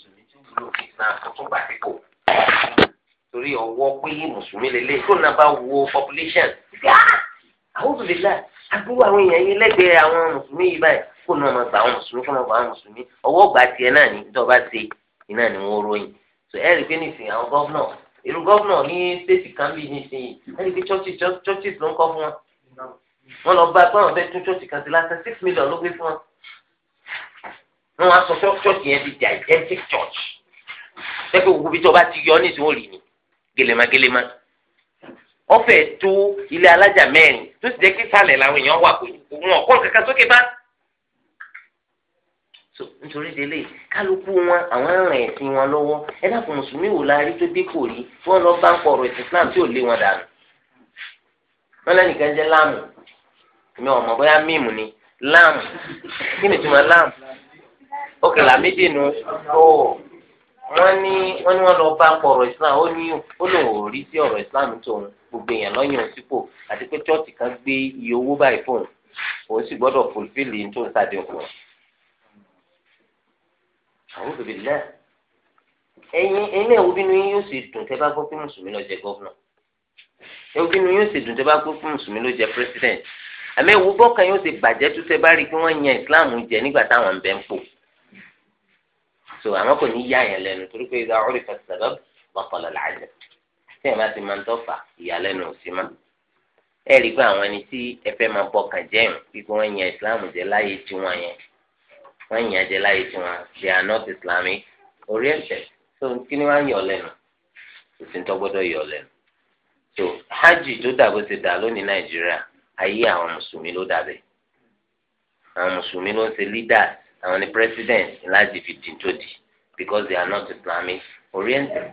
mùsùlùmí tí wúlò fún islam tó tún gbà sípò torí ọwọ́ pé mùsùlùmí lélẹ̀ tó náà bá wo population àwọn òbílẹ̀ agbúrò àwọn èèyàn yìí lẹ́gbẹ̀ẹ́ àwọn mùsùlùmí yìí báyìí kó náà máa gba àwọn mùsùlùmí kó máa gba àwọn mùsùlùmí ọwọ́ gba tiẹ̀ náà ní ìjọba ṣe iná ni wọ́n ròyìn so ẹ rí i pé nísìnyí àwọn gọ́vnọ̀ irú gọ́vnọ̀ ní stéètì kan bíi nísìnyí ẹ rí i pé churches ló ń kọ́ fún wọn wọn lọ bá pé àwọn fẹ́ tún church kan sí lásán six million ló gbé fún wọn wọn wá sọ church yẹn di church sẹ́kẹ̀ gbogbo bíi tí ọba ti yọ ní ìsìn òòlì ni gèlèmagèlèmá ọfẹ tó ilé alájà mẹ́rin tó sì jẹ́ kí sàlẹ̀ làwọn èèyàn wà wọn kankan sókè bá so nítorí délé kálukú wọn àwọn ẹ̀rìn ẹ̀sìn wọn lọ́wọ́ ẹ dákun mùsùlùmí wò la rí tó dé kò rí tí wọ́n lọ bá ń pọ̀ ọ̀rọ̀ ẹ̀sìn Islam tí ò lé wọn dànù wọn ókè làmídì nù ó wọ́n ní wọ́n ní wọ́n lọ bá pọ̀ ọ̀rọ̀ islam ó ní ó lòun ò rí sí ọ̀rọ̀ islam tòun gbogbo èèyàn lọ́yàn sípò àti pé chọ́ọ̀tì kan gbé iye owó báyìí fóun òun sì gbọ́dọ̀ fulfil yìí tó ń sáde ọ̀pọ̀. àwọn bèbè náà ẹ̀yin ẹ̀yin ẹ̀wù bínú yín yóò sì dùn tẹ́ bá gbọ́ pé mùsùlùmí ló jẹ gọ́vnà ẹ̀wù bínú yín yóò sì dùn tẹ́ bá gbọ́ pé mùsùlùmí ló jẹ pírẹsidẹ̀ntì àmì ẹ̀wù bọ́kàn yóò sì bàjẹ́ tó tẹ́ bá rí i pé wọ́n yan islam jẹ nígbà táwọn ń bẹ ń pò so àmọ́ kò ní yá yẹn lẹ́nu torí pé ìdá ọ̀rẹ́ fẹ́ sẹ̀rọ̀ bàtọ̀lọ̀ làjẹ́ tí ẹ̀ bá ti máa ń tọ́fà ìyàlẹ́nu ò sí mọ́ ẹ rí i pé àwọn ẹni tí ẹ fẹ́ máa bọkàn jẹun pípé wọ́n yan ìsìláàmù jẹ láyé tiwọn yẹn wọ́n yan jẹ láyé tiwọn they are not islamic oriented so kí ni wọ́n yọ lẹ́nu kò gbọ́dọ̀ yọ lẹ́nu so hajj tó dàbò ti dà lónìí nàìjíríà ayé àwọn mùsùlùmí ló dàbẹ̀ àwọn mùsùlùmí ló ń ṣe leaders àwọn ni president láti fi dín tó di because they are not islamic oriented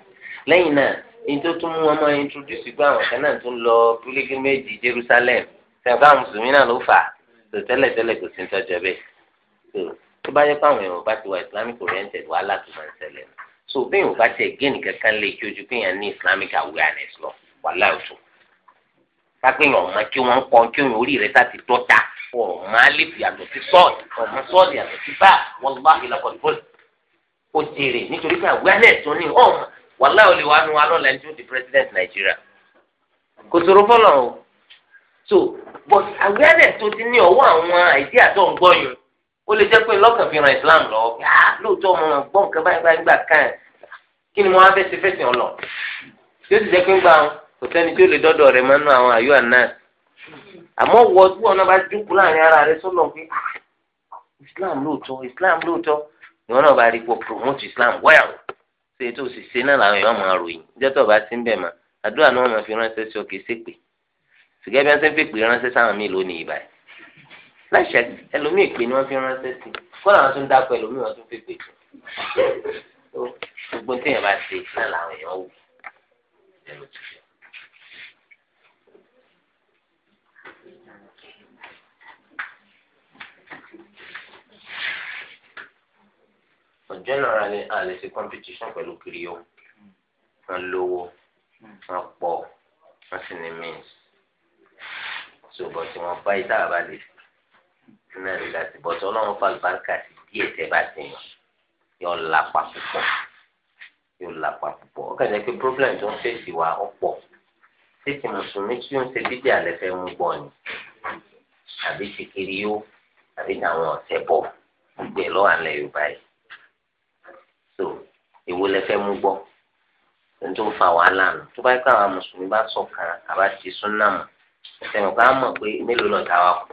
lẹ́yìn náà ní tó tún mú wọn máa introduce pé àwọn kan náà tún lọ pilgrimage jerusalem sẹ́yìn báwọn mùsùlùmí náà ló fà á tó tẹ́lẹ̀ tẹ́lẹ̀ kò sí tọ́jọ́ bẹ́ẹ̀ tó tó bá yẹ pé àwọn èèyàn bá ti wà islamic oriented wàhálà tó máa ń ṣẹlẹ̀ so bí èèyàn bá tiẹ̀ gé nìkan kan lè kí ojú pé èèyàn ní islamic awareness lọ wàhálà òtún kápẹ́yìn ọ̀mọ kí wọ́n kọ́ kí òun orí rẹ̀ sá ti dọ́ta wọn ò máa lè fi sí sọ́ọ̀dì ọ̀mọ sọ́ọ̀dì sí bá wọn ìlàkọ̀ ìfọ̀lì o jèrè nítorí pé awareness tó ní ọ̀hún wàhálà olè wa nu alọ́ di president Nàìjíríà kò sòrò o so but tó ti ní ọwọ́ àwọn àìdí àtọ̀ ń lè jẹ́ pé Islam lọ lóòótọ́ gbọ́ nǹkan báyìí báyìí gbà kàn kí ni mo wá fẹ́ ṣe fẹ́ sìn ọ lọ tí ó ti jẹ́ pé ń gbà kò sẹ́ni tí ó lè àmọ́ wọ tí wọn náà bá dúkú láàrin ara rẹ sọlọ pé ah, islam lóòótọ́ islam lóòótọ́ ìwọ náà bá rí pọ promote islam well ṣe ètò òṣìṣẹ́ náà làwọn èèyàn máa ròyìn jẹtọ bá ti ń bẹ mà àdúrà ni wọn máa fi ránṣẹ́ sí ọkẹ ṣépè sìgá bí wọn ṣe ń fèpè ránṣẹ́ sáwọn míì lónìí ìbàdàn láṣẹ ẹlòmíì pé ni wọn fi ránṣẹ́ sí kọ́nà wọn tún dákọ̀ ẹlòmíì wọn tún fèpè tó gbogbo tí bá ṣe náà làwọn èèyàn wò but generally a lè ṣe competition pẹ̀lú kiri o wọ́n lówó wọ́n pọ̀ wọ́n sì ní means ṣùgbọ́n tí wọ́n bá ìta àbá lè náà lè láti bọ́ tí ọlọ́run fa ìbáǹkà sí díẹ̀ tẹ́ bá ti yàn yóò lápá púpọ̀ yóò lápá púpọ̀ ó kàn jẹ́ pé problem tó ń fèsì wa ó pọ̀ títí mùsùlùmí tí ó ń ṣe bídí àlẹ́ fẹ́ mú bọ̀ ni àbí ti kiri yó àbí táwọn ọ̀sẹ̀ bọ̀ gbogbo àlẹ́ Yorùbá yìí èwo lẹ fẹ́ mú gbọ́ ẹni tó ń fa wàhálà nù tó bá yẹ kó àwọn mùsùlùmí bá ṣọ̀kan àbá ti súnà mọ ẹsẹ mọ káà mọ̀ pé mélòó lọ dáwà kù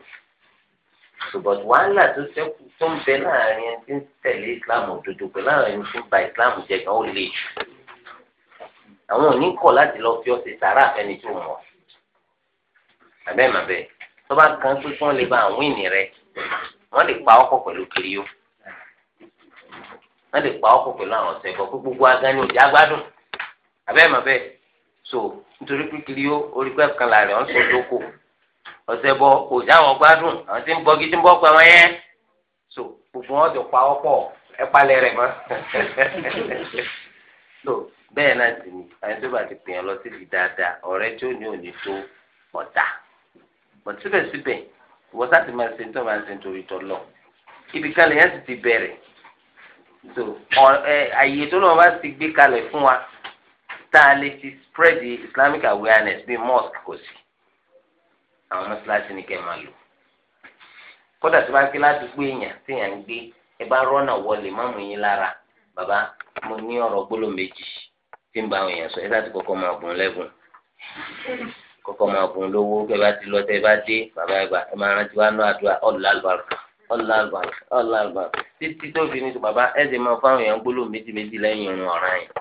ṣùgbọ́n wàhálà tó ṣẹ́kù tó ń bẹ láàrin ẹni tí ń tẹ̀lé islam òdodo pẹ̀lú àwọn ẹni tí ń ba islam jẹ́ gan ó le jù àwọn ò ní kọ̀ láti lọ fi ọ̀sẹ̀ sàrà àfẹni tó mọ̀ àbẹ́màbẹ́ tó bá kan pé kí wọ́n lè ba àwọn rẹ wọ́n lè pa ọkọ̀ pẹ̀lú kiri yóò wọ́n lè pa ọkọ̀ pẹ̀lú àwọn ọ̀sẹ̀ ìbọn gbogbo agán ni òjá gbádùn abẹ́ẹ̀ mọ̀ bẹ́ẹ̀ so nítorí pípìlì ó orí pẹ́ kan láàrin ọ̀sẹ̀ ìdókò ọ̀sẹ̀ bọ òjá wọn gbádùn àwọn tí ń bọ́ gidi ń bọ́ pa wọn yẹn so gbogbo wọn ti pa ọkọ̀ ẹ palẹ̀ rẹ̀ mọ́ so bẹ́ẹ̀ náà sì ni àyìn tó bá ti pè yàn lọ síbi dáadáa ọ̀rẹ́ tí ó ní òní tó ọ̀tá but síbẹ̀síbẹ̀ ìwọ sá ti máa ṣe ní tó máa ṣe nítorí tọ́lọ̀ ibì kan lè yẹn sì ti bẹ̀rẹ̀ so àyè tó lọ́wọ́ bá ti gbé kalẹ̀ fún wa tá a lè ti spread the islamic awareness bíi mosque kò sí àwọn mọ́sálásí ni kẹ́ ẹ máa lò kódà tó bá ké ládùúgbò èèyàn téèyàn ń gbé ẹ bá rọ́nà wọlé mọ́mú yín lára bàbá mo ní ọ̀rọ̀ gbólóò méjì tí ń bá àwọn èèyàn sọ ẹ láti kọ́kọ́ máa bùn lẹ́bùn kọ́kọ́ máa bùn lówó kẹ́ bá ti lọ tẹ́ bá dé bàbá ẹ gbà ẹ máa rántí wá nú àdúrà ọ̀làlùbáràkà ọlọ́àgbà ọlọ́àgbà títí tó fi ní sọ bàbá ẹ ti máa fáwọn èèyàn gbólóhùn méjì méjì lẹ́yìn irun ọ̀ràn yẹn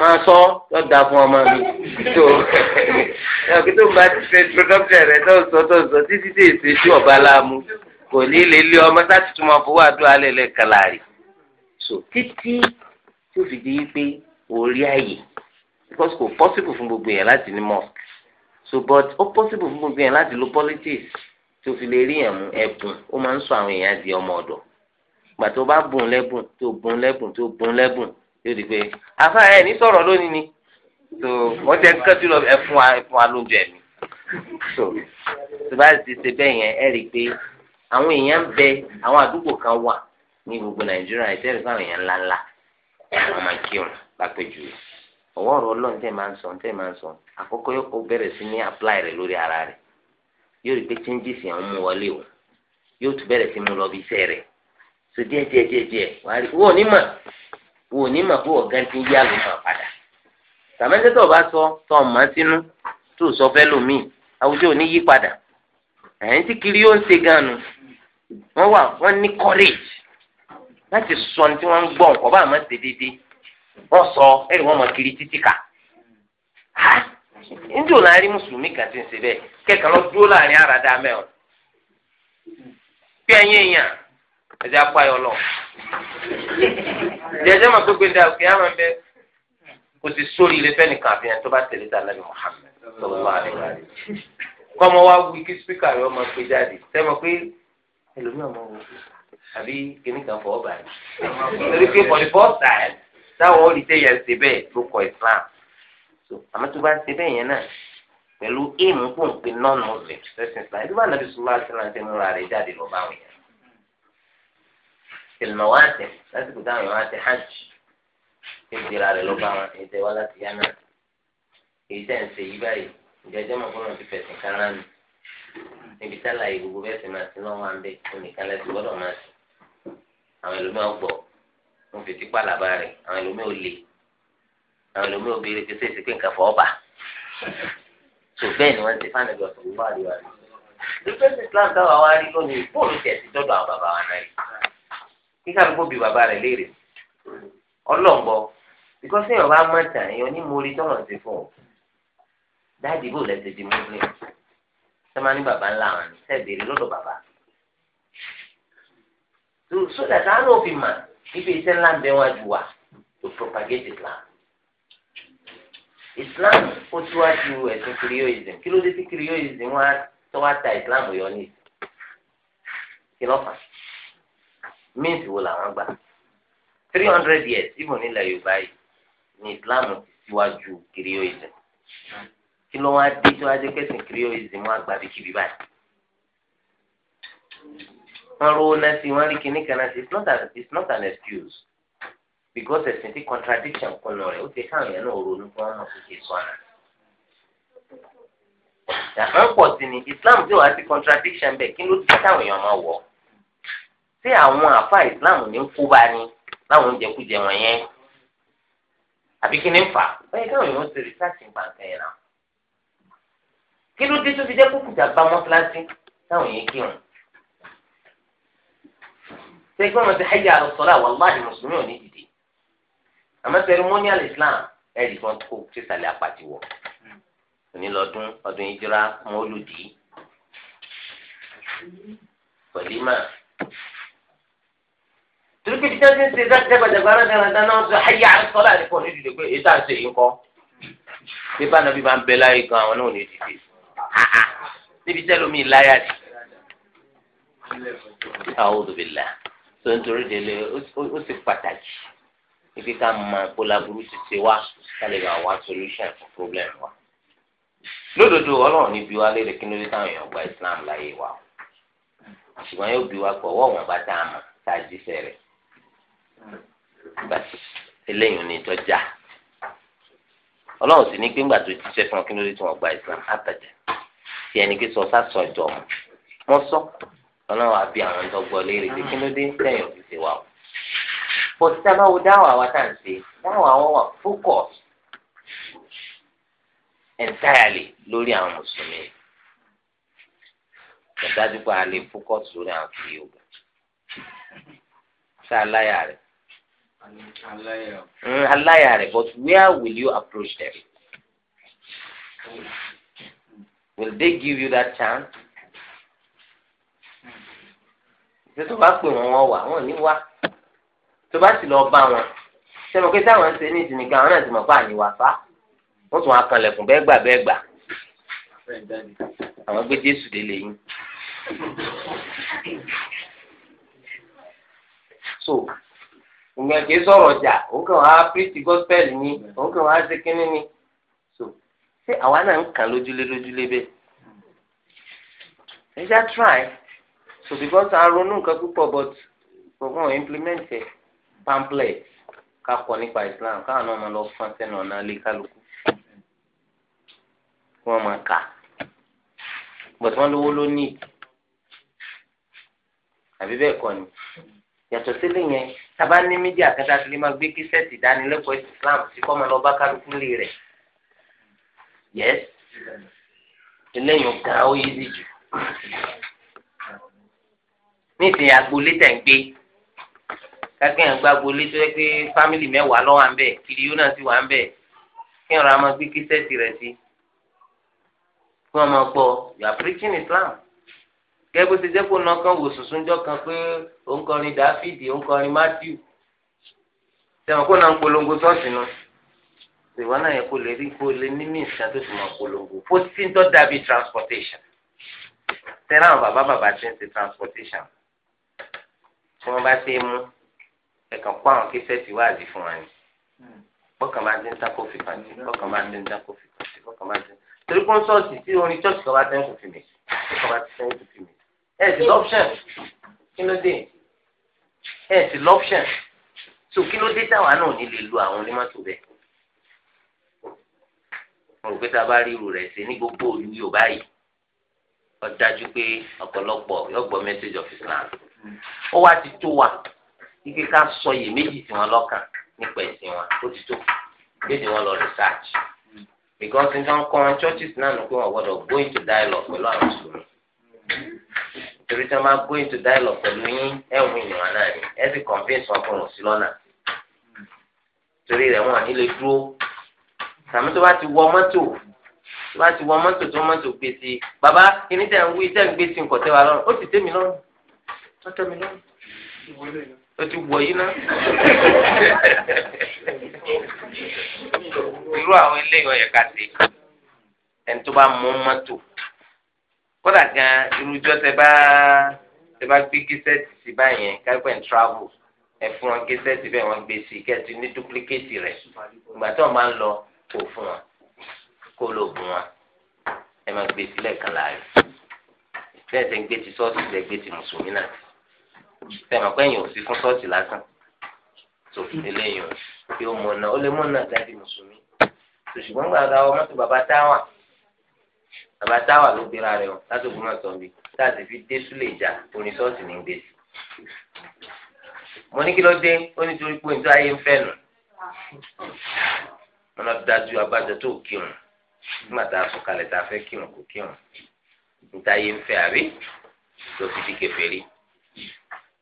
máa sọ yóò dáa fún ọmọ mi tó ẹ kí tó bá ti ṣe introduction rẹ tó sọ tó sọ títí tí èsì tí ọba láàmú kò ní lè lé ọmọ sáti tó máa fowó àdúrà lẹ́lẹ̀ kalari so títí tó fi di pé orí àyè because kò possible fún gbogbo yẹn láti ní mosque so but ó possible fún gbogbo yẹn láti lo politics tó fi lè rí yàn mú ẹ̀bùn ó máa ń sọ àwọn èèyàn di ọmọ ọ̀dọ̀ gbà tó bá bùn lẹ́bùn tó bùn lẹ́bùn tó bùn lẹ́bùn yóò di pé àfa ẹ̀ ní sọ̀rọ̀ lónìí ni tó wọ́n jẹ́ kẹ́tù lọ ẹ̀fún wa ẹ̀fún wa ló ń jẹ mí tó tó bá ti ṣe bẹ́ẹ̀ yẹn ẹ̀ rí i pé àwọn èèyàn bẹ àwọn àdúgbò kan wà ní gbogbo nàìjíríà ìtẹ́rù fáwọn èèyàn ńláńlá àwọn máa kírun lápẹjù ọwọ́ ọ̀rọ̀ ọlọ́run tẹ́ máa ń sọ tẹ́ máa ń sọ àkọ́kọ́ yóò kó bẹ̀rẹ̀ sí ní apply rẹ̀ lórí ara rẹ̀ yóò rí pé changes yẹn ń mú wọlé o yóò tún bẹ̀rẹ̀ sí mú lọ bí iṣẹ́ rẹ̀ so díẹ̀ díẹ̀ díẹ̀ díẹ̀ wàá rí wọ́n onímọ̀ wọ́n onímọ̀ pé ọ̀gá ti ń yá ló máa padà tàmẹ́tẹ́ tó o bá sọ tó o mọ̀ sínú tó o sọ fẹ́ lòmíì àwùjọ ò ní yí padà ẹ̀yìn tí kiri yóò ń ṣe gan nu wọ́n wà wọ́n ní courage láti sọ ní tí wọ́n ń gbọ́ nǹkan bá àmọ́ ṣe déédéé wọ́n sọ ẹ̀rì wọ́n mọ̀ kiri títí kà njẹ́ ò láàrin mùsùlùmí kan ti ń ṣe bẹ́ẹ̀ kẹ́kọ̀ọ́ lọ dúró láàrin àràdá mẹ́ọ̀ bí ẹyin èèyàn ẹ̀jẹ̀ apáyọ̀ lọ. ìjẹ́jẹ́ mọ̀ tó gbéńdà òkè á máa bẹ kò sì sórí ilé fẹ́ni kan àfihàn tó bá tẹ̀lé ta lẹ́nu Muhammad sọlọ́wọ́ àdéhùn àdéhùn. kọ́mọ wa wí kí spíkà rẹ̀ ọmọ pé jáde sẹ́mọ̀ pé ẹlòmíràn mọ̀ wọ́n àbí kìnnì kan fọwọ́ báyìí. torí pé for the first time táwọn olùdíje yẹn ṣe bẹ́ẹ̀ ló kọ Islam so àmọ́ tó bá ṣe bẹ́ẹ̀ yẹn náà pẹ̀lú éèmù kò ń pe non-muslim person islam ẹ̀dúrà nàbí sùlá ṣẹlẹ̀ múra rẹ̀ jáde lọ bá wọn yẹn tẹlifà wá tẹ lásìkò táwọn yẹn wá tẹ hajj ìdíra rẹ̀ lọ bá wọn èyí tẹ wá láti yá náà èyí tẹ̀ ń ṣe yí báyìí ìjọjọ́ mọ̀ fún ọ̀n ti fẹ̀sìn kára mi níbi tálà yìí gbogbo bẹ́ẹ̀ sì máa ti náà wá ń bẹ nìkan lẹ́sìn gbọ́dọ̀ máa sìn àwọn ẹlòmíràn gbọ́ wọn fi tipa làbá rẹ̀ àwọn ẹlòmíràn ò lè àwọn ẹlòmíì obìnrin kì í sèse pé nǹkan fọwọ́ bà tó bẹ́ẹ̀ ni wọ́n ti fáwọn ẹgbẹ́ ọ̀sán wà lóyún àná ìfẹ́sì islam táwọn àwa rí lónìí bóòlù tẹ̀ sí dọ́dọ̀ àwọn bàbá wa náà rí kíkà ló bí bàbá rẹ̀ léèrè ọlọ́ngbọ bíkọ́ sí ìyọ̀bá mọ́tà èèyàn ní mórí tọ́lọ̀ ti fún ọ dáàdì bò lẹ́sẹ̀ di muslim sọ́mà ní bàbá ńlá wọn sẹ́ẹ̀bẹ̀rẹ̀ lọ́dọ̀ bàbá sódà táwọn ò fi mà ibi iṣẹ́ ńlá ń bẹ wọn ju wa to propagate islam islam ó tún wá ju ẹ̀sìn kìrìyóìsì kí ló dé tí kìrìyóìsì wọn tó wá ta islam yọ ní ìsìn kí ló fà mint wo làwọn gbà three hundred years even nílẹ̀ yorùbá yìí ní islam ti síwájú kìrìyóìsì kí ló wá dé tí wọ́n á jẹ́ kẹ́sìn kìrìyóìsì wọn àgbà bí kíbi báyìí wọ́n rówó náà sí rí kinní kan náà it's not an excuse because ẹ̀sìn tí contradiction kún lọ rẹ̀ ó ti káwọn yẹn náà ronú fún ọmọ kékeré sọ́nà. Ìyàtọ̀ pọ̀ sí ni Islam tí wàá sí contradiction bẹ́ẹ̀ kí ló ti káwọn èèyàn máa wọ̀ ṣé àwọn àfa Islam ní ń kú bá ní láwọn oúnjẹ kújẹ wọn yẹn àbí kí ni ń fà bẹ́ẹ̀ káwọn èèyàn ti research ń gbàǹkan yẹn náà kí ló dé tó fi jẹ́ kókùtà bá mọ́sálásí táwọn yẹn kírun ṣé kí wọ́n ti hajj àrùn sọ́lá wàláhì mùsùlùmí ò ní àmọ́ ceremonial islam ẹ̀rí kan kó sísàlẹ̀ apàtì wọ̀ onílọ́dún ọdún ìjírá mọ́lùdì pẹ̀límà torí pé títí ń ṣe dágbàdàgbà rádaràdà náà sọ ayé àṣọlá àti pọ̀ nídìí pé èyí tá à ń ṣe yìí ń kọ́ bí bá nàbí bá ń bẹ láyé gan àwọn náà ò ní dìde níbi tẹ́lómi láyà dì àwọn olùbẹ̀là tó ń torí délé ó sì pàtàkì ibi ká máa kó laburú ti ṣe wá ká lè máa wá solution fún problem wa. lódodo ọlọ́run níbi wa lédè kí ló dé táwọn èèyàn gba islam láyé wa o ṣùgbọ́n yóò bí wa pọ̀ ọwọ́ wọn bá tá a mọ̀ tá a jíṣẹ́ rẹ̀ gbàtí eléyìí ní ìtọ́jà ọlọ́run sì ní pé ńgbà tó jíṣẹ́ fún ọ kí ló dé tí wọ́n gba islam àtàjà tí ẹni pé sọ sá sọ ìjọ mọ́ sọ ọlọ́run àbí àwọn ìjọgbọ́ léèrè pé kí ló dé tẹ̀yìn òfìsè wa o bó ti tá a bá wo dáwà wa tá à ń ṣe dáwà wọn wà focus entirely lórí àwọn mùsùlùmí ìdájú pé a lè focus lórí àwọn kiri yoga. ṣé aláya rẹ hmm, aláya rẹ but where will you approach them will they give you that chance? ṣé tó bá pè wọ́n wọ́n wà wọ́n ní wá tó bá sì lọ bá wọn sẹ́nu pé táwọn ń ṣe ní ìsinmi gan àwọn náà ti mọ̀ fún àníwá fa wọ́n tún wọn kanlẹ̀kùn bẹ́ẹ̀ gbà bẹ́ẹ̀ gbà àwọn gbé Jésù délé yín. so ìgbìyànjú kìí sọ̀rọ̀ ọjà òun kàn wá pírísì gọ́spẹ́lì ni òun kàn wá ṣe kínní ni so ṣé àwa náà ń kàn lójúlé lójúlé bẹ́ẹ̀ ẹ já try so because a ronú nǹkan púpọ̀ but kò fún implement it pamphlet kakọ nípa islam káwọn náà máa lọ fún sẹ́nu ọ̀nà alẹ́ kálukú kí wọ́n máa kà bọ̀dé wọn lówó ló ní àbí bẹ́ẹ̀ kọ́ ni yàtọ̀ sílẹ̀ yẹn tábà ní mídíà kẹta tí lè máa gbé kí sẹ́ẹ̀tì ìdánilẹ́kọ̀ọ́ islam sí kọ́ máa lọ bá kálukú lè rẹ̀ yẹ́s eléyìí ga ó yé jù ní ìsìn agboolé tẹ̀ ń gbé kákéèyàn gbàgbó lé tó yẹ pé fámìlì mẹ́wàá lọ́wọ́ à ń bẹ̀ kiri yóò náà sì wà ń bẹ̀ kéèyàn ra máa gbé kíṣẹ́ẹ̀tì rẹ̀ sí kí wọ́n máa gbọ́ you are preaching Islam kẹ́gbẹ́ ti jẹ́ kó nà kan wò sùsúnjọ́ kan pé òun kọrin Dáfídì òun kọrin Mátíù sẹ́wọ̀n kó náà ń polongo ṣọ́ọ̀ṣì náà ìwọ náà yẹ kó lè rí kó lè ní mí ìsìn tó fi mọ polongo fourteen tó dàbí transportation tẹ́lẹ̀ àwọn bàbá bàbá ti ń ṣe transportation tí wọ́n bá ti mú ẹ̀kan kó àwọn kẹsẹ̀tì wáàzì fún wa ni hmm. bọ́kàn máa ti ń tán kó fi kàn sí bọ́kàn máa ti ń tán kó fi kàn sí bọ́kàn máa ti ń torí pé sọ́ọ̀sì tí orin church kan bá tẹ́ ń kò fi mi kan bá tẹ́ ń kò fi mi ẹ̀ sì lọ́pṣẹ̀n kí ló dé ẹ̀ sì lọ́pṣẹ̀n so kí ló dé táwa náà ní lè lo àwọn onímọ́tò bẹ́ẹ̀ mo rò pé tá a bá rí irú rẹ̀ ṣe ní gbogbo olú Yorùbá yìí ó dájú pé ọ̀pọ̀lọpọ̀ yóò kíkẹ́ ká sọ yìí méjì tí wọ́n lọ́kàn nípa ẹ̀sìn wọn ó ti tó gbèsè wọn lọ research because nǹkan kọ́ wọn churches náà nù pé wọ́n gbọ́dọ̀ go into dialogue pẹ̀lú àwọn mùsùlùmí torí tí wọ́n bá go into dialogue pẹ̀lú yín ẹ̀wọ̀n ìyàn náà ni ẹ sì convince wọn fún wọn sí lọ́nà torí rẹ̀ wọ́n nílé dúró tàbí tó bá ti wọ mọ́tò tó bá ti wọ mọ́tò tó mọ́tò gbé sí bàbá kí ni tẹ̀ ń wí tẹ̀ ń gbé sí nǹkan tẹ́ lọ́rùn ó ti tẹ́ mi lọ́rùn ó mi lọ́rùn ó ti wọ̀ yín náà. irú àwọn eléyìí ọ̀yẹ̀ ká ṣe ẹni tó bá mú mọ́tò kódà gan irújọ́ tẹ bá tẹ bá gbé kíṣẹ́ẹ̀tì sí báyẹn kápẹ́ ń travel ẹ fún wọn kíṣẹ́ẹ̀tì bẹ́ẹ̀ wọ́n gbé sí kẹ́ẹ̀tì ní dúpílíkéètì rẹ̀ ìgbà tí wọ́n máa ń lọ kó fún wọn kó ló bùn wọn ẹ máa gbé sílẹ̀ kan láàrin bẹ́ẹ̀ tẹ ń gbé ti sọ́ọ̀tì tẹ gbé ti mùsùlùmí náà ti sẹ́mi pẹ́yìn òsì fún ṣọ́ọ̀ṣì lásán tó eléyìí kí ó mọ̀ náà ó lè mọ̀ náà dájú mùsùlùmí ṣùgbọ́n gbàgbà ọmọ tó bàbá táwà bàbá táwà ló gbéra rẹ̀ o láti ògùn mọ́tò mi táàtì fi dé súlè ìjà orin ṣọ́ọ̀ṣì ní gbé sí. mo ní kí ló dé ó ní torí pé nítorí ayé ń fẹ́ nù wọn lọ dájú abájọ tó kírun nígbà tá a sọ kalẹ̀ tá a fẹ́ kírun kò kírun níta ayé ń fẹ́ àbí tó fi di kèfèrí.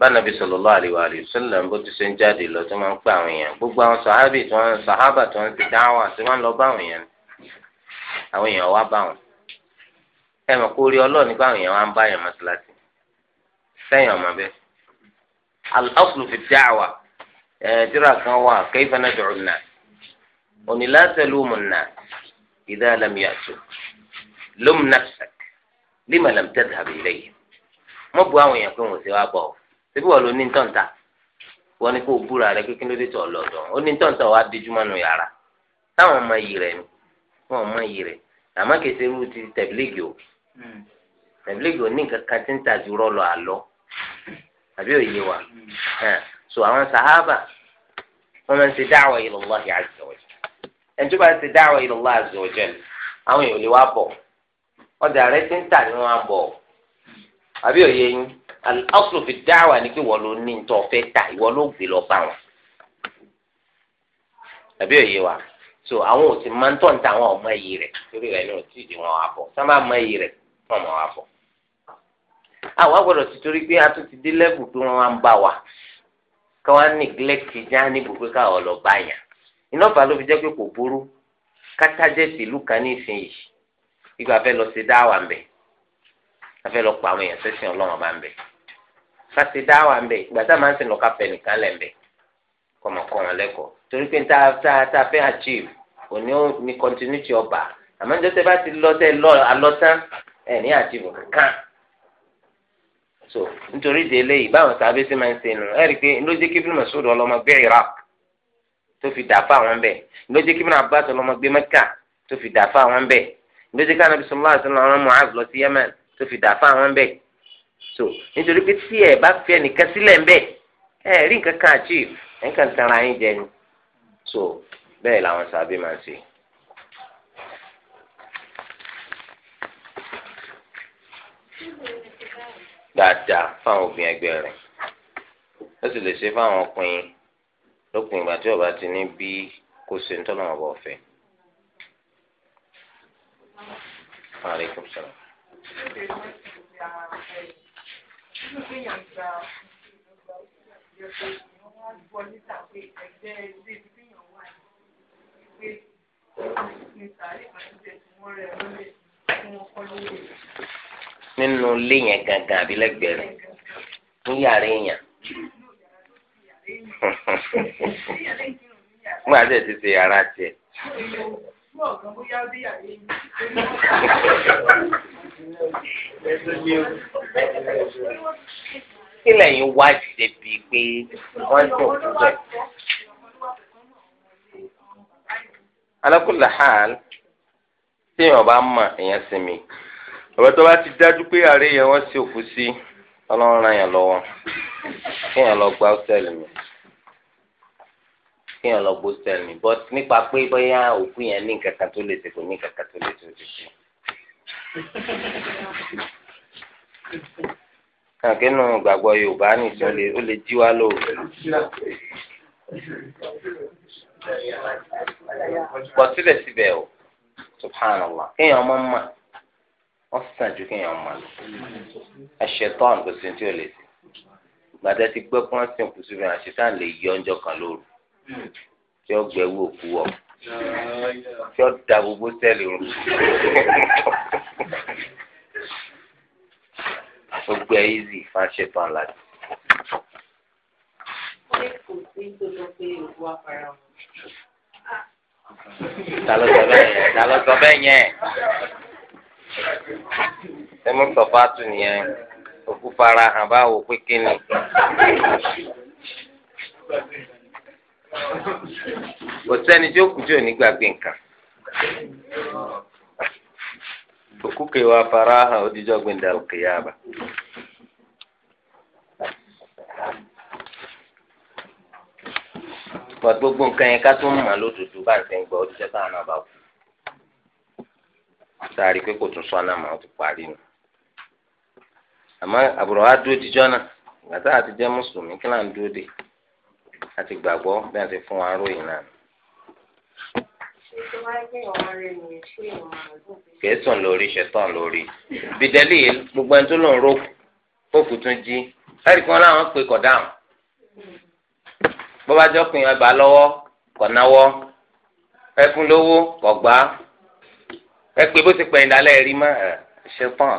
bánàbí sallallahu alaihi wa alihi wasallam bó ti ṣe ń jáde lọ tó máa ń pa àwọn èèyàn gbogbo àwọn sàhábì tó ń sàhábà tó ń ti dáwà tó máa ń lọ bá àwọn èèyàn àwọn èèyàn wá bá wọn ẹ mọ̀ kó rí ọlọ́ọ̀ nípa àwọn èèyàn wá ń bá èèyàn mọ́tíláṣí sẹ́yìn ọmọ bẹ́ẹ̀ al-aslu fi da'wa tíra kan wà kayfa nad'u an-nas òní la talumu an-nas idha lam ya'tu lum nafsak lima lam tadhhab ilayhim bu àwọn èèyàn pé wọ́n ti wá bọ̀ síbí wọ́n ló ní tọ̀ǹtà wọ́n ní kó búra rẹ kékeré lóde tó lọ́dọ̀ ó ní tọ̀ǹtà wàá dijúmọ́ nu yàrá táwọn ọmọ yìí rẹ ni wọn ọmọ yìí rẹ àmọ́ kèsè irú ti tẹ̀blígì o hmm. tẹ̀blígì o ní nǹkan kan tí ń ta ju rọ́ọ̀lọ́ àlọ́ àbí òye wa hmm. so àwọn sàhábà wọ́n máa ń ṣe dáwà ila Allah azza wa jalla ẹni tó bá ń ṣe dáwà ila Allah azza wa jalla àwọn èèyàn ò lè wá bọ̀ ọjà rẹ ti ń tà ní wọn á àbí òye yín al-aslu fi da'wa ni kí wọ́n ló ní tó fẹ́ ta ìwọ ló gbé lọ bá wọn. àbí òye wa so àwọn ò sì máa ń tọ̀ ń àwọn ọmọ iyì rẹ̀ torí rẹ̀ ni ò tí ì di wọn wá fọ sábà mọ iyì rẹ̀ wọn mọ wá fọ. àwa gbọdọ̀ ti torí pé a tún ti dé lẹ́bù pé wọ́n wá ń bá wa ká wá neglect já níbo pé káwọn lọ bá yàn iná bá ló fi jẹ́ pé kò burú kátájẹ́ tìlú kan ní ìsinyìí ìgbà fẹ́ lọ sí dáwà ń afẹ́ lọ pa àwọn èèyàn sẹ́sìn ọlọ́run bá ń bẹ̀ fásitì dáwà ń bẹ̀ ìgbà tá a máa ń sìn lọ́ka fẹ̀ nìkan lẹ̀ ń bẹ̀ kọ̀mọ̀kọ̀mọ̀ lẹ́kọ̀ọ́ torí pé tá a fẹ́ achieve òní ó ní continuity ọba àmọ́ ní tẹ́tẹ́ bá ti lọ tẹ́ lọ alọ́tán ẹ̀ ní achieve kankan so nítorí de eléyìí báwọn sábẹ́ sí máa ń sẹ́nu ẹ̀ rí i pé ló jẹ́ kí Ibn Mas'ud ọlọ́mọ gbé Iraq tó fi dà fáwọn bẹ́ẹ̀ ló jẹ́ kí Ibn Abbas ọlọ́mọ gbé Mẹ́kà tó fi dà fáwọn bẹ́ẹ̀ ló Yemen tó fi dà fáwọn ń bẹ̀ so nítorí pé tí ẹ bá fi ẹnìkan sílẹ̀ ń bẹ̀ ẹ rí nǹkan kan achieve nǹkan tanra yín jẹ ni so bẹ́ẹ̀ làwọn sábẹ́ máa ń ṣe. dáadáa fáwọn obìnrin ẹgbẹ́ rẹ̀ ó sì lè ṣe fáwọn ọkùnrin lópin ìgbà tí ọba ti ní bí kò ṣe ń tọ́lọ́mọ̀bọ̀ ọ̀fẹ́. Alaikum salaam nínú ilé yẹn gangan àbí lẹ́gbẹ̀ẹ́ rẹ̀ ní yàrá èèyàn nígbà ti ṣe yàrá tiẹ̀ mọ̀ kan bóyá bí àyè yìí. kí lẹ́yìn wá jìde bíi pé wọ́n jọ fún bẹ́ẹ̀. alákùnlé hàn téèyàn bá mọ̀ èèyàn sinmi ọ̀rọ̀ tó bá ti dájú pé àárẹ̀ yẹn wọ́n ṣe òfin sí ọlọ́run ràn yàn lọ́wọ́ kéèyàn lọ gba ọ́sẹ̀lì mi kéèyàn lọ bóstẹ̀lì mi but nípa pé bóyá òkú yẹn ní nǹkan kan tó lè ṣe kò ní nǹkan kan tó lè ṣe ṣe ṣe. kàǹkẹ́ nù gbàgbọ́ Yorùbá nìṣẹ́ ó lè jí wá lóòrè pọ̀ síbẹ̀síbẹ̀ o subhanallah kéèyàn ọmọ mọ̀ wọ́n sàn ju kéèyàn mọ̀ lọ àṣetán kò sí tí o lè sè gbàdá ti gbẹ́ kí wọ́n sìn kù síbi àṣetán lè yí ọjọ́ kan lóru tí ó gbẹ wò kú ọ tí ó da gbogbo sẹ́ẹ̀lì rú gbogbo ẹ̀ yìí fáṣẹ tán láti. ta ló sọ bẹ́ẹ̀ yẹn ṣé mo sọ fáàtù nìyẹn òkú fara hàn báwo pé kí ni. kò sẹ́ni tí ó kù tí ò ní gbàgbé nǹkan òkú kẹwà fara hàn odijọ́ gbẹ̀ndà kìyàbà. wà gbogbo nǹkan yẹn ká tó mọ̀ lódodo bá ń gbọ́ odijọ́ táwọn náà bá kò tún sọ ọ́nà màá ti parí nù àmọ́ wa dúró dijọ́ náà ìgbà mùsùlùmí kí àti gbàgbọ́ bí wọ́n ti fún wa ròyìn náà. kìí sùn lórí ṣetán lórí bìdẹ́lì gbogbo ẹni tó lòun ró òkú tún jí ẹ̀rí kan láwọn pè kọ̀ dáhùn bó bá jọ pin ẹgbà lọ́wọ́ kọ̀ náwọ́ ẹ fún lówó kọ̀ gbá ẹ pé bó ti pẹ̀yìn dálẹ́ rí mọ́ ṣetán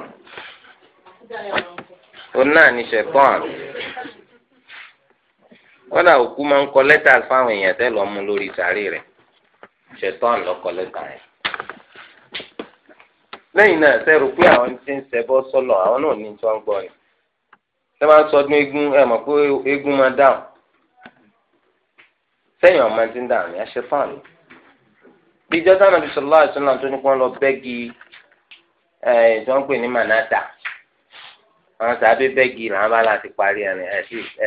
òun náà ni ṣetán kọ́dà òkú máa ń kọ lẹ́tà fáwọn èèyàn tẹ́ lọ́ọ́ mú lórí sàárè rẹ̀ ṣẹ̀tọ́n lọ́kọ lẹ́tà rẹ̀. lẹ́yìn náà sẹ́rù pé àwọn ti ń ṣẹbọ sọ́lọ̀ àwọn náà ní tí wọ́n gbọ́ ni. ṣé máa ń sọdún eégún ẹ mọ̀ pé eégún máa dáhùn. sẹ́yìn ọ̀ma ti ń dáhùn ní aṣẹ́fọ́n ni. bí jọ́sán náà fi sọ̀rọ̀ láti sọ́nà tó ní kí wọ́n lọ bẹ́gi ẹ̀ tí wọ́n manata. àwọn sàbẹ̀ bẹ́gi làwọn bá láti parí ẹ̀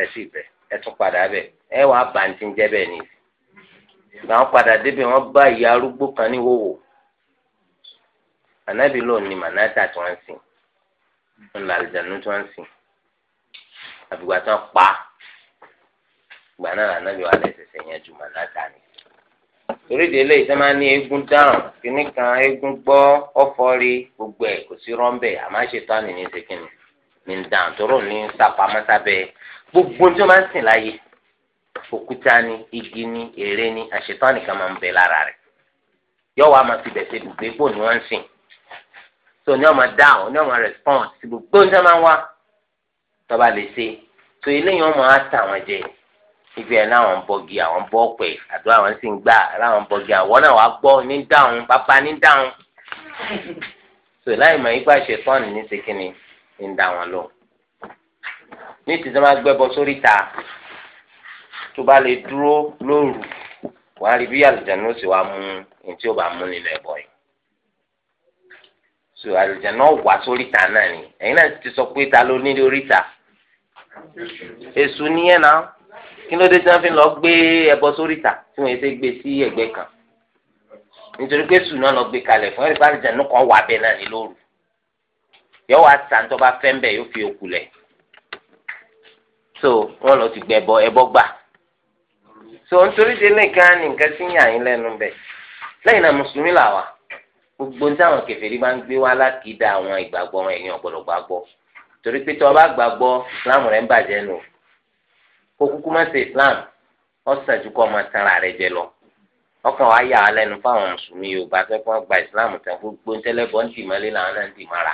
ẹ̀ sí ìbẹ̀ ẹtún padà bẹ ẹ wàá bàǹtí jẹ bẹ́ẹ̀ ni àwọn padà débẹ̀ wọ́n bá ìyá arúgbó kan ní wòwò ànábì ló ní mànáta tí wọ́n ń sìn ń la àlùjánu tí wọ́n ń sìn àfìgbà tí wọ́n pa ìgbà náà ànábì wà lẹsẹsẹ yẹn ju mànáta ni torí de eléyìí sẹ́ni máa ní eégún dáhùn kínní kan eégún gbọ́ ọ̀fọ́rí gbogbo ẹ̀ kò sí rọ́ńbẹ́ àmọ́ àṣetánì ní ṣe kínní ní dàntọ́rọ̀ ní sápamọ́sábẹ́ gbogbo tí wọ́n máa ń sìn láyé òkúta ni igi ni ère ni àṣetán nìkan máa ń bẹ lára rẹ̀ yọ wàá máa fi bẹ̀sẹ̀ gbogbo epo e ni wọ́n ń sìn so ní ọmọ dáhùn ní ọmọ response gbogbo ní ọmọ wa tọba lè ṣe so eléyìí wọn máa ta àwọn jẹ ibi ẹ láwọn bọgi àwọn bọ ọpẹ àdó àwọn sì ń gbà láwọn bọgi àwọn náà wàá gbọ́ ní dáhùn pápá ní dáhùn so láì mọ ipa ṣe fọ́ọ̀nù ní ń dá wọn lọ ní ti sọ ma gbẹbọ sórí ta tó bá lè dúró lóru wàá rí bí àlùjáná sì wàá mú ní tí ó bá mú nínú ẹbọ yìí so àlùjáná wà sórí ta náà ni ẹ̀yin náà ti sọ pé ta ló nílé orí ta èso nìyẹn náà kí ló dé tí wọ́n fi lọ gbé ẹbọ sórí ta tí wọ́n yẹ fẹ́ gbé sí ẹ̀gbẹ́ kan nítorí pé sùn náà lọ gbé kalẹ̀ fún ẹrí bá àlùjáná kan wà bẹ́ẹ̀ náà ní lóru yọ wá sàǹtọ́ bá fẹ́ mbẹ́ yóò fi okù lẹ̀ so wọn lọ ti gbẹ ẹbọ ẹbọ gbà so nítorí délé gan ni nǹkan ti ń yà yín lẹ́nu bẹ̀ lẹ́yìn náà mùsùlùmí là wà gbogbo ní táwọn kèfèrí bá ń gbé wá lákìdá àwọn ìgbàgbọ́ wọn ẹ̀yìn ọ̀gbọ̀dọ̀ gbàgbọ́ torí pé tó o bá gbàgbọ́ islam rẹ̀ ń bàjẹ́ nù kó kúkú má ṣe islam ọ̀sán ju kó ọmọ tanra rẹ̀ jẹ lọ ọkàn wa yà á lẹ́nu fáwọn mùsùlùmí yorùbá fẹ́ kó wọn islam tán gbogbo ń tẹ́lẹ̀ bọ́ ń dì mọ́lé làwọn náà ń dì mọ́ra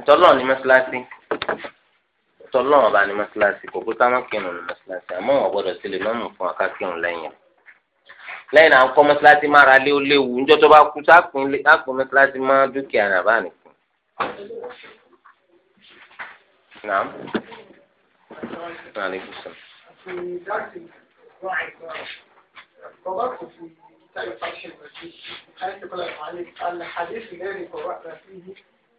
ìtọ́lọ́ ní mọ́sálásí ìtọ́lọ́ ọba ní mọ́sálásí kò kó táwọn kírun ní mọ́sálásí àmọ́ wọn gbọ́dọ̀ ti lè mọ́mù fún aká kírun lẹ́yìn lẹ́yìn náà kọ́ mọ́sálásí ra lé ó léwu níjọ́ tó bá kú sáàkùn mọ́sálásí má dúkìá rẹ̀ bá nìkan. Naam. الحديث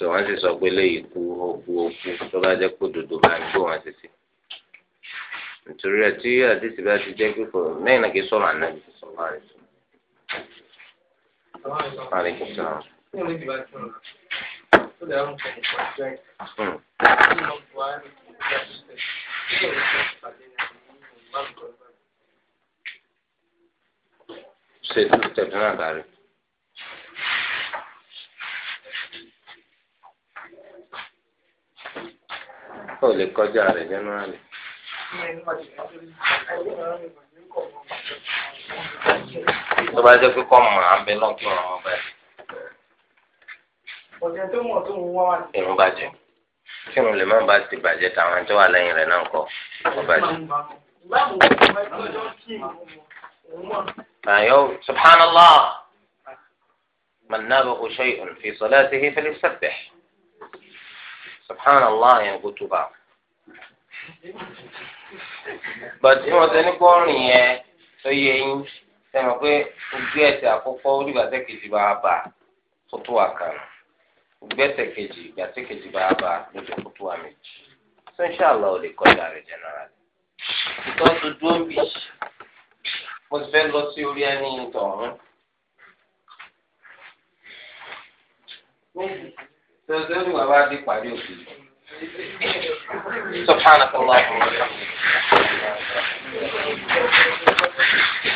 sọ wọn sì sọ pé léyìí kú okú okú tó bá jẹ́ kó dodo máa gbó wọn títí nítorí rẹ̀ tí àdìsí bá ti jẹ́ pípọ̀ mẹ́rin náà kì í sọ̀rọ̀ ànábì sọ̀rọ̀ àrẹsọ. Aleykum salaam. Ṣé tẹ̀sán ó lè kọjá rẹ̀ jẹ́nuwárì. tó bá jẹ́ pé kọ́ mọ̀ à ń bẹ náà kí wọ́n mọ̀ báyìí. ọ̀jẹ̀ tó mọ̀ tó ń wá wá. irun bàjẹ́ tí irun lè má bá ti bàjẹ́ táwọn tó wà lẹ́yìn rẹ̀ náà ń kọ́ ọ bàjẹ́. أيوه سبحان الله من نابه شيء في صلاته فليسبح subhanallah yẹn kó tó bá wọn. bàtí wọn sẹ ní kọrin yẹn tó yẹ yín sẹmọ pé ojú ẹsẹ̀ àkọ́kọ́ onígbàtẹ kejì bá a bá tó tó àkàrà ojú ẹsẹ̀ kejì ìgbàtẹ kejì bá a bá lójú kó tó àmì jì so inshallah ò lè kọjá rẹ general ìtọ́ tó mo ti fẹ́ lọ sí orí ẹni ìtọ̀ tòótọ́ ni wàá bá pàdé òkè. سبحانك اللهم وبحمدك